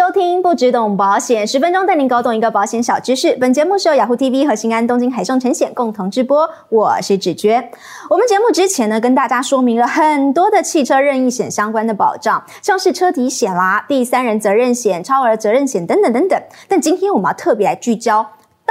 收聽不芷懂保險，十分鐘帶您搞懂一個保險小知識。本節目是由 Yahoo TV 和新安東京海上承險共同直播，我是芷娟。我們節目之前呢，跟大家說明了很多的汽車任意險相關的保障，像是車體險啦、第三人責任險、超額責任險等等等等。但今天我們要特別來聚焦。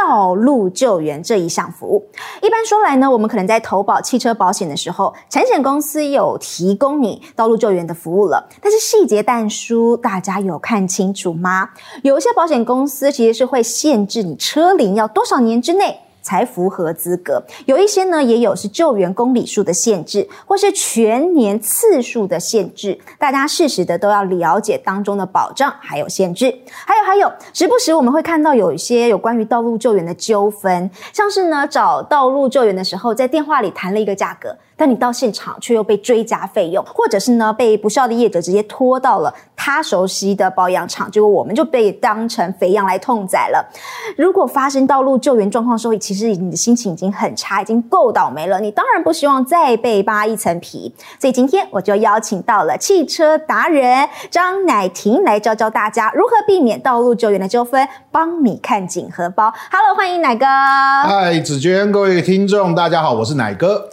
道路救援這一項服務，一般說來呢，我們可能在投保汽車保險的時候，產險公司有提供你道路救援的服務了。但是細節但書，大家有看清楚嗎？有一些保險公司其實是會限制你車齡要多少年之內。才符合資格，有一些呢也有是救援公里數的限制，或是全年次數的限制，大家適時的都要了解當中的保障還有限制。還有還有，時不時我們會看到有一些有關於道路救援的糾紛，像是呢找道路救援的時候，在電話裡談了一個價格。但你到現場卻又被追加費用，或者是呢被不肖的業者直接拖到了他熟悉的保養廠，結果我們就被當成肥羊來痛宰了。如果發生道路救援狀況的時候，其實你的心情已經很差，已經夠倒霉了，你當然不希望再被扒一層皮。所以今天我就邀請到了汽車達人張乃婷來教教大家如何避免道路救援的糾紛，幫你看緊荷包。Hello，歡迎乃哥。嗨，芷娟，各位聽眾，大家好，我是乃哥。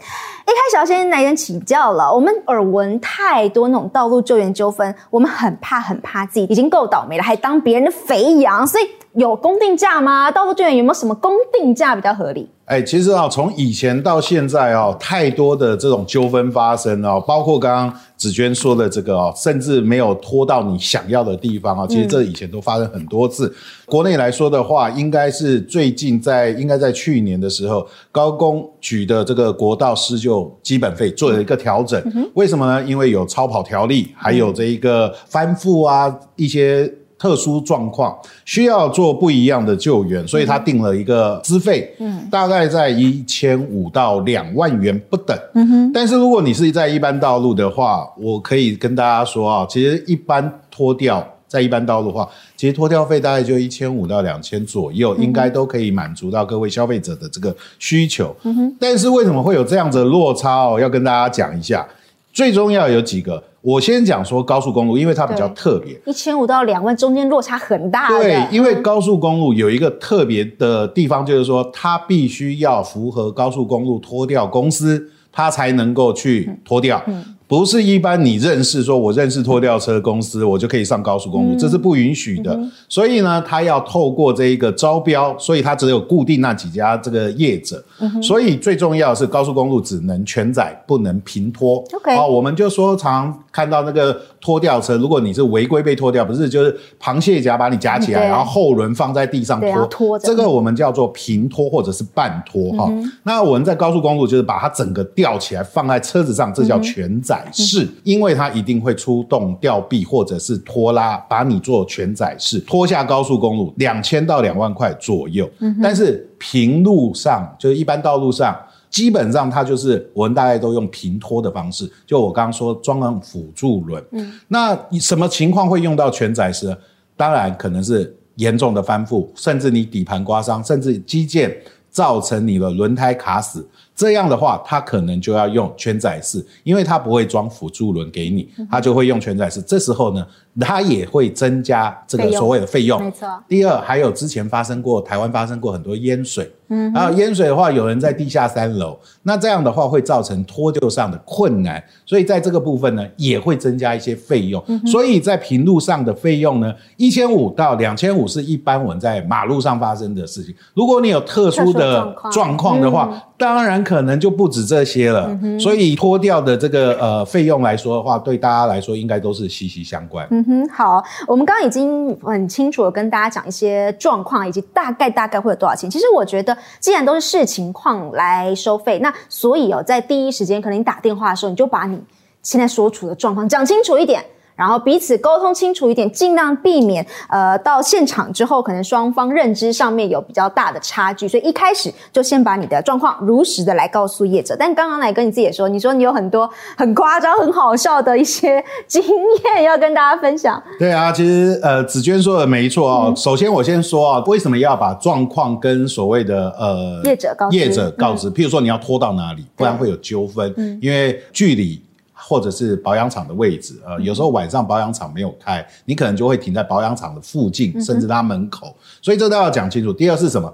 一開始要先來人請教了，我們耳聞太多那種道路救援糾紛，我們很怕很怕自己已經夠倒霉了，還當別人的肥羊，所以有公定價嗎？道路救援有沒有什麼公定價比較合理？哎、欸，其實啊，從以前到現在啊，太多的這種糾紛發生啊，包括剛剛芷娟說的這個啊，甚至沒有拖到你想要的地方啊。其實這以前都發生很多次。嗯、國內來說的話，應該是最近在，應該在去年的時候，高公局的這個國道施救基本費做了一個調整。嗯、為什麼呢？因為有超跑條例，還有這一個翻覆啊，一些。特殊狀況需要做不一樣的救援，所以他定了一個資費，嗯，大概在一千五到兩萬元不等，嗯哼。但是如果你是在一般道路的話，我可以跟大家說啊，其實一般拖吊，在一般道路的話，其實拖吊費大概就一千五到兩千左右，應該都可以滿足到各位消費者的這個需求，嗯哼。但是為什麼會有這樣子的落差哦？要跟大家講一下，最重要有幾個。我先講說高速公路，因為它比較特別，一千五到兩萬中間落差很大。對，因為高速公路有一個特別的地方，就是說、嗯、它必須要符合高速公路拖吊公司，它才能夠去拖吊。嗯嗯不是一般你認識說我認識拖吊車的公司，我就可以上高速公路。嗯、這是不允許的。嗯嗯、所以呢，他要透過這一個招標，所以他只有固定那幾家這個業者。嗯嗯、所以最重要的是高速公路只能全載，不能平拖。嗯、好，我們就說常、常看到那個拖吊車，如果你是違規被拖吊，不是就是螃蟹夾把你夾起來，嗯、然後後輪放在地上拖，嗯、拖這、這個我們叫做平拖或者是半拖哈、嗯哦。那我們在高速公路就是把它整個吊起來放在車子上，這叫全載。嗯嗯是、嗯、因為它一定會出動吊臂或者是拖拉，把你做全載式拖下高速公路，兩千到兩萬塊左右、嗯哼。但是平路上就是一般道路上，基本上它就是我們大概都用平拖的方式。就我剛剛說裝上輔助輪，嗯，那什麼情況會用到全載式呢？當然可能是嚴重的翻覆，甚至你底盤刮傷，甚至機件造成你的輪胎卡死。這樣的話，他可能就要用全載式，因為他不會裝輔助輪給你，他就會用全載式。這時候呢，他也會增加這個所謂的費用。沒錯。第二，還有之前發生過台灣發生過很多淹水，嗯哼，然後淹水的話，有人在地下三樓，那這樣的話會造成拖救上的困難，所以在這個部分呢，也會增加一些費用。所以，在平路上的費用呢，一千五到兩千五是一般我們在馬路上發生的事情。如果你有特殊的狀況的話，嗯、當然。可能就不止這些了，嗯哼，所以拖吊的這個呃費用來說的話，對大家來說應該都是息息相關。嗯哼，好，我們剛剛已經很清楚的跟大家講一些狀況，以及大概大概會有多少錢。其實我覺得，既然都是視情況來收費，那所以哦，在第一時間可能你打電話的時候，你就把你現在所處的狀況講清楚一點。然後彼此溝通清楚一點，盡量避免呃到現場之後可能雙方認知上面有比較大的差距，所以一開始就先把你的狀況如實的來告訴業者。但剛剛來跟你自己也說，你說你有很多很誇張、很好笑的一些經驗要跟大家分享。對啊，其實呃芷娟說的沒錯啊。嗯、首先我先說啊，為什麼要把狀況跟所謂的呃業者告業者告知？嗯、譬如說你要拖到哪裡，不然會有糾紛。嗯，因為距離。或者是保養廠的位置，呃，有時候晚上保養廠沒有開，你可能就會停在保養廠的附近，嗯、哼甚至它門口，所以這都要講清楚。第二是什麼？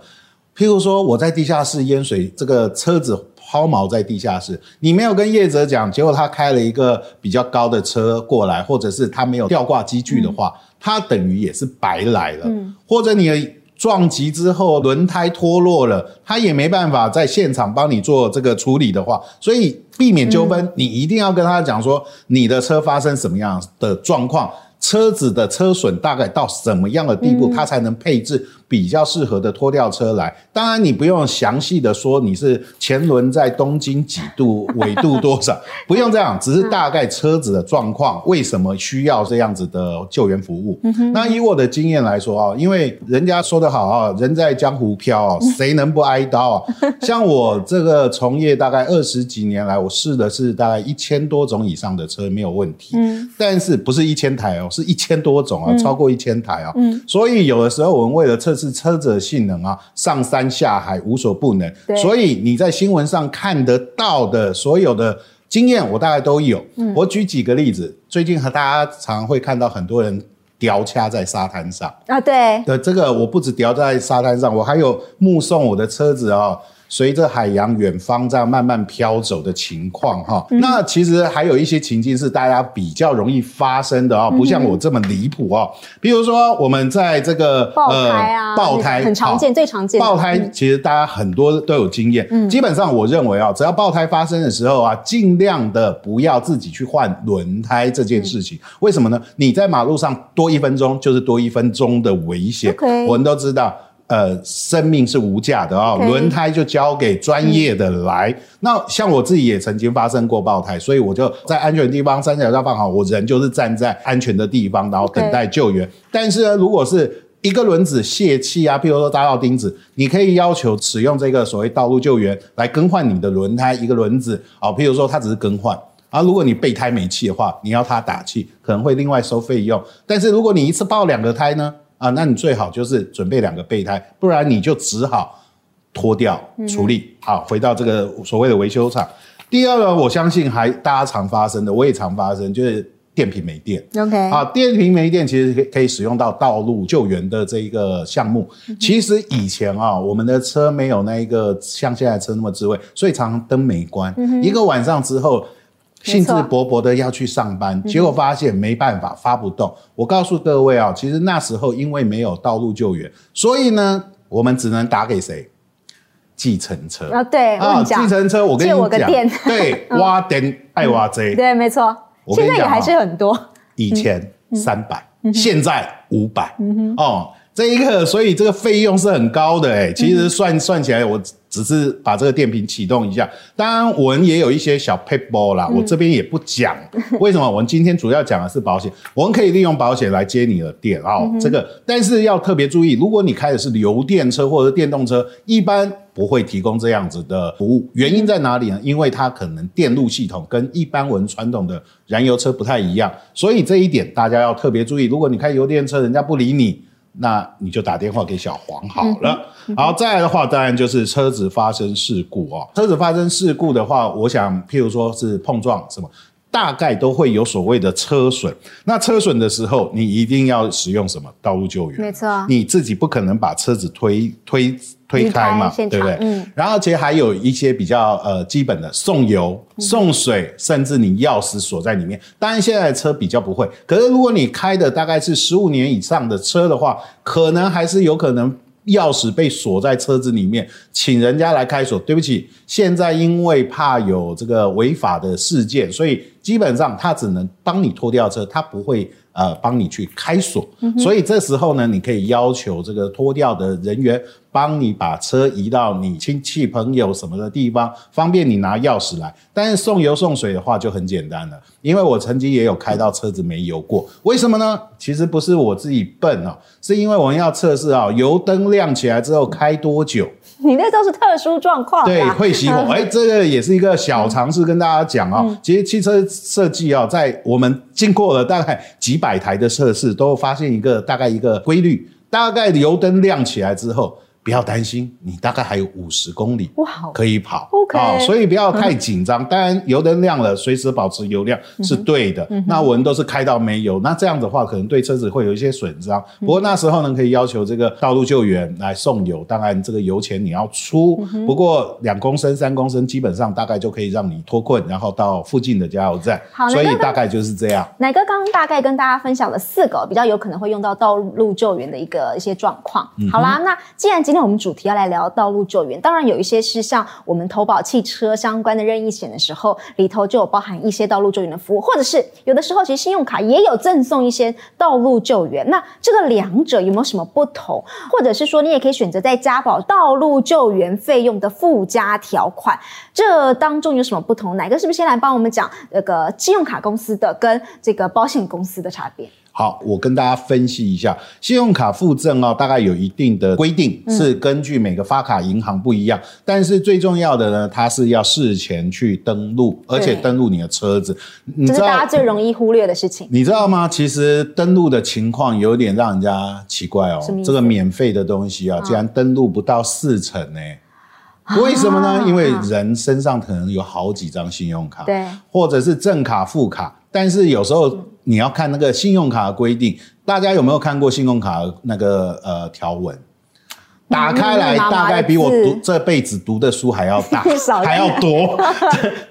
譬如說我在地下室淹水，這個車子拋錨在地下室，你沒有跟業者講，結果他開了一個比較高的車過來，或者是他沒有吊掛機具的話，嗯、他等於也是白來了，嗯、或者你。撞擊之後，輪胎脫落了，他也沒辦法在現場幫你做這個處理的話，所以避免糾紛，你一定要跟他講說你的車發生什麼樣的狀況，車子的車損大概到什麼樣的地步，他才能配置。嗯嗯比較適合的拖吊車來，當然你不用詳細的說你是前輪在東經幾度緯度多少，不用這樣，只是大概車子的狀況，為什麼需要這樣子的救援服務？那以我的經驗來說啊，因為人家說得好啊，人在江湖飄啊，誰能不挨刀啊？像我這個從業大概二十幾年來，我試的是大概一千多種以上的車，沒有問題。但是不是一千台哦，是一千多種啊，超過一千台啊。所以有的時候我們為了測試。是車子的性能啊，上山下海無所不能。對，所以你在新聞上看得到的所有的經驗，我大概都有。嗯，我舉幾個例子，最近和大家常，常會看到很多人掉掐在沙灘上啊，對的，這個我不止掉在沙灘上，我還有目送我的車子啊、哦。隨着海洋遠方在慢慢飄走的情況哈，嗯、哼那其實還有一些情境是大家比較容易發生的啊，嗯、哼不像我這麼離譜啊。比如說我們在這個爆胎啊，呃、爆胎很常見，哦、最常見的爆胎，其實大家很多都有經驗。嗯、基本上我認為啊、哦，只要爆胎發生的時候啊，盡量的不要自己去換輪胎這件事情。嗯、為什麼呢？你在馬路上多一分鐘，就是多一分鐘的危險。OK，我們都知道。呃，生命是無價的哦，輪 Okay. 胎就交給專業的來。嗯、那像我自己也曾經發生過爆胎，所以我就在安全地方三角架放好，我人就是站在安全的地方，然後等待救援。Okay. 但是呢，如果是一個輪子洩氣啊，譬如說扎到釘子，你可以要求使用這個所謂道路救援來更換你的輪胎一個輪子。好、哦，譬如說它只是更換，而如果你備胎沒氣的話，你要它打氣，可能會另外收費用。但是如果你一次爆兩個胎呢？啊，那你最好就是準備兩個備胎，不然你就只好脫掉處理，好、嗯哼啊、回到這個所謂的維修廠。第二個我相信還大家常發生的，我也常發生，就是電瓶沒電。OK，、啊、電瓶沒電其實可以使用到道路救援的這一個項目。嗯、哼其實以前啊，我們的車沒有那一個像現在車那麼智慧，所以常常燈沒關，嗯、哼一個晚上之後。興致勃勃的要去上班，結果發現沒辦法，發不動。我告訴各位哦，其實那時候因為沒有道路救援，所以呢，我們只能打給誰？計程車啊，對啊，計程車。我借我個電，對挖電愛挖賊對，沒錯。現在也還是很多，以前三百，現在五百。嗯哼，哦，這一個，所以這個費用是很高的，誒其實算算起來，我。只是把這個電瓶啟動一下，當然我們也有一些小撇步啦，我這邊也不講為什麼。我們今天主要講的是保險，我們可以利用保險來接你的電哦，這個，但是要特別注意，如果你開的是油電車或者電動車，一般不會提供這樣子的服務，原因在哪裡呢？因為它可能電路系統跟一般我們傳統的燃油車不太一樣，所以這一點大家要特別注意。如果你開油電車，人家不理你。那你就打電話給小黃好了。好，再來的話，當然就是車子發生事故哦。車子發生事故的話，我想，譬如說是碰撞什麼，大概都會有所謂的車損。那車損的時候，你一定要使用什麼道路救援？沒錯，你自己不可能把車子推推，推開嘛，場對不對？嗯。然後，其實還有一些比較呃基本的送油、送水，甚至你鑰匙鎖在裡面。嗯、當然，現在車比較不會。可是，如果你開的大概是十五年以上的車的話，可能還是有可能鑰匙被鎖在車子裡面，嗯、請人家來開鎖。對不起，現在因為怕有這個違法的事件，所以基本上他只能幫你拖吊車，他不會呃幫你去開鎖。嗯、哼所以這時候呢，你可以要求這個拖吊的人員，幫你把車移到你親戚朋友什麼的地方，方便你拿鑰匙來。但是送油送水的話就很簡單了，因為我曾經也有開到車子沒油過，為什麼呢？其實不是我自己笨哦，是因為我們要測試啊、哦，油燈亮起來之後開多久？你那都是特殊狀況、啊，對，會熄火。特殊。哎，這個也是一個小常識，跟大家講啊、哦。嗯、其實汽車設計啊、哦，在我們經過了大概幾百台的測試，都發現一個大概一個規律，大概油燈亮起來之後。不要擔心，你大概還有五十公里，可以跑 wow，OK，啊、哦，所以不要太緊張。當然、嗯，油燈亮了，隨時保持油量是對的。嗯、哼那我們都是開到沒油，那這樣子的話，可能對車子會有一些損傷。嗯、哼不過那時候呢，可以要求這個道路救援來送油，當然這個油錢你要出。嗯、哼不過兩公升、三公升，基本上大概就可以讓你脫困，然後到附近的加油站。好，所以大概就是這樣。奶哥剛剛大概跟大家分享了四個比較有可能會用到道路救援的一個一些狀況。嗯、哼好啦，那既然今那我們主題要來聊道路救援，當然有一些是像我們投保汽車相關的任意險的時候，裡頭就有包含一些道路救援的服務，或者是有的時候其實信用卡也有贈送一些道路救援。那這個兩者有沒有什麼不同？或者是說你也可以選擇在加保道路救援費用的附加條款，這當中有什麼不同？哪個是不是先來幫我們講那個信用卡公司的跟這個保險公司的差別？好，我跟大家分析一下信用卡附贈，哦，大概有一定的規定，嗯、是根據每個發卡銀行不一樣。但是最重要的呢，它是要事前去登錄，而且登錄你的車子。這是大家最容易忽略的事情。你知道嗎？其實登錄的情況有點讓人家奇怪哦。這個免費的東西啊，竟、啊、然登錄不到四成呢、欸？為什麼呢？啊、因為人身上可能有好幾張信用卡，對，或者是正卡副卡。但是有時候你要看那個信用卡的規定，大家有沒有看過信用卡的那個呃條文？打開來大概比我讀這輩子讀的書還要大，還要多。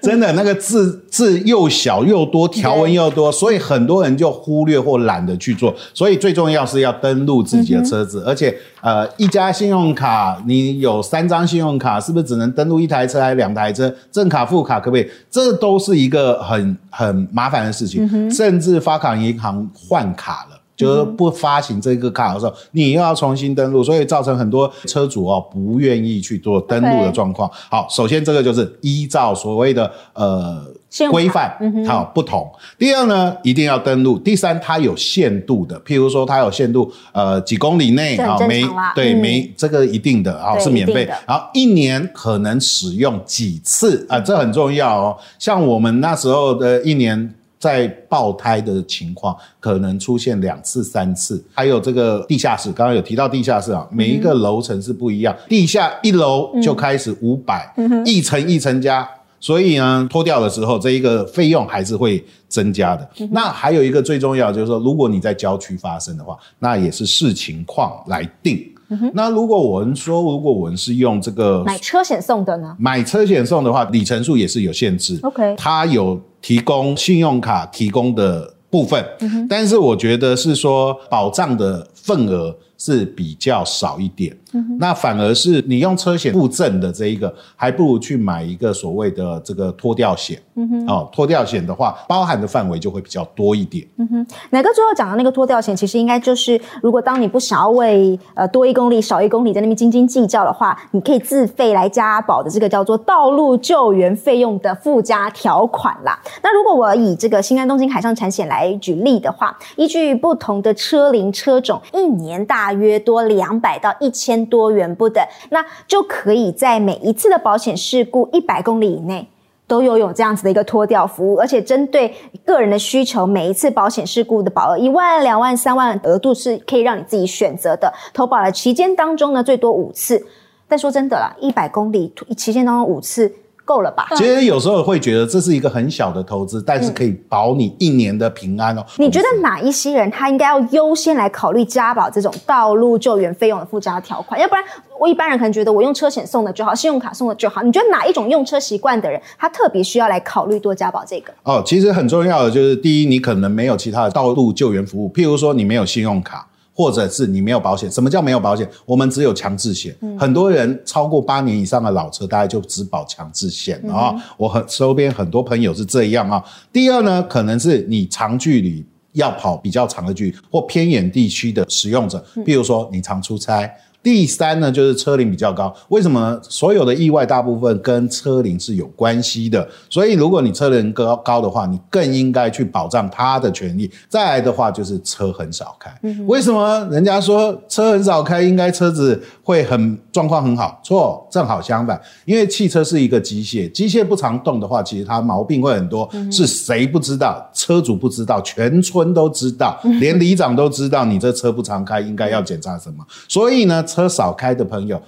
真的，那個字字又小又多，條文又多，所以很多人就忽略或懶得去做。所以最重要是要登錄自己的車子，而且呃，一家信用卡你有三張信用卡，是不是只能登錄一台車還是兩台車？正卡副卡可不可以？這都是一個很很麻煩的事情，甚至發卡銀行換卡了。就是不發行這個卡的時候，你又要重新登錄，所以造成很多車主哦不願意去做登錄的狀況。Okay. 好，首先這個就是依照所謂的呃規範管，好不同。第二呢，一定要登錄。第三，它有限度的，譬如說它有限度呃幾公里內啊，沒對、嗯、沒這個一定的啊對是免費的，然後一年可能使用幾次啊、呃，這很重要哦。像我們那時候的一年。在爆胎的情況，可能出現兩次三次，還有這個地下室，剛剛有提到地下室啊，每一個樓層是不一樣，地下一樓就開始五百、嗯，嗯、哼一層一層加，所以呢，拖吊的時候這一個費用還是會增加的。嗯、哼那還有一個最重要的就是說，如果你在郊區發生的話，那也是視情況來定。嗯、哼那如果我們說，如果我們是用這個買車險送的呢？買車險送的話，里程數也是有限制。OK，它有。提供信用卡提供的部分，嗯哼，但是我覺得是說保障的份額是比較少一點。嗯哼，那反而是你用車險附贈的這一個，還不如去買一個所謂的這個拖吊險。哦，拖吊險的話，包含的範圍就會比較多一點。嗯哼，奶哥最後講的那個拖吊險，其實應該就是如果當你不想要為呃多一公里、少一公里在那邊斤斤計較的話，你可以自費來加保的這個叫做道路救援費用的附加條款啦。那如果我以這個新安東京海上產險來舉例的話，依據不同的車齡、車種，一年大約多兩百到一千。多元不等，那就可以在每一次的保險事故一百公里以內都有有這樣子的一個拖吊服務，而且針對個人的需求，每一次保險事故的保額一萬、兩萬、三萬額度是可以讓你自己選擇的。投保的期間當中呢，最多五次。但說真的啦，一百公里期間當中五次，夠了吧？其實有時候會覺得這是一個很小的投資，但是可以保你一年的平安哦。嗯、你覺得哪一些人他應該要優先來考慮加保這種道路救援費用的附加條款？要不然我一般人可能覺得我用車險送的就好，信用卡送的就好。你覺得哪一種用車習慣的人他特別需要來考慮多加保這個？哦，其實很重要的就是第一，你可能沒有其他的道路救援服務，譬如說你沒有信用卡。或者是你沒有保險？什麼叫沒有保險？我們只有強制險。嗯、很多人超過八年以上的老車，大概就只保強制險啊、嗯哦。我很周邊很多朋友是這樣啊、哦。第二呢，可能是你長距離要跑比較長的距離，或偏遠地區的使用者，比如說你常出差。嗯嗯第三呢，就是車齡比較高，為什麼呢？所有的意外大部分跟車齡是有關係的，所以如果你車齡高高的話，你更應該去保障他的權利。再來的話就是車很少開，嗯、哼為什麼？人家說車很少開，應該車子會很狀況很好，錯，正好相反，因為汽車是一個機械，機械不常動的話，其實它毛病會很多。嗯、哼是誰不知道？車主不知道，全村都知道，連里長都知道，你這車不常開，應該要檢查什麼？嗯、哼所以呢？車少開的朋友，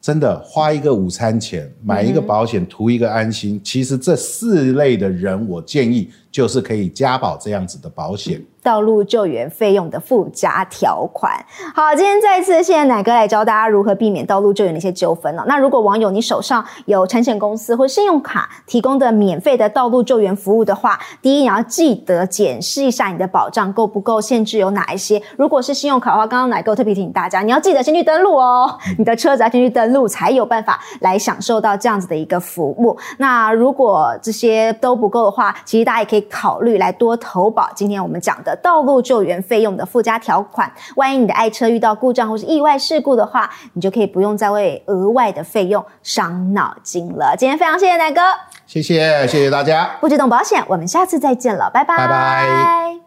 真的花一個午餐錢買一個保險，圖一個安心。嗯、其實這四類的人，我建議就是可以加保這樣子的保險。道路救援費用的附加條款。好，今天再一次謝謝奶哥來教大家如何避免道路救援的一些糾紛了。那如果網友你手上有產險公司或信用卡提供的免費的道路救援服務的話，第一你要記得檢視一下你的保障夠不夠，限制有哪一些。如果是信用卡的話，剛剛奶哥特別提醒大家，你要記得先去登錄哦，你的車子要先去登錄才有辦法來享受到這樣子的一個服務。那如果這些都不夠的話，其實大家也可以考慮來多投保。今天我們講的。道路救援費用的附加條款，萬一你的愛車遇到故障或是意外事故的話，你就可以不用再為額外的費用傷腦筋了。今天非常謝謝奶哥，謝謝謝謝大家，不芷懂保險，我們下次再見了，拜拜拜拜。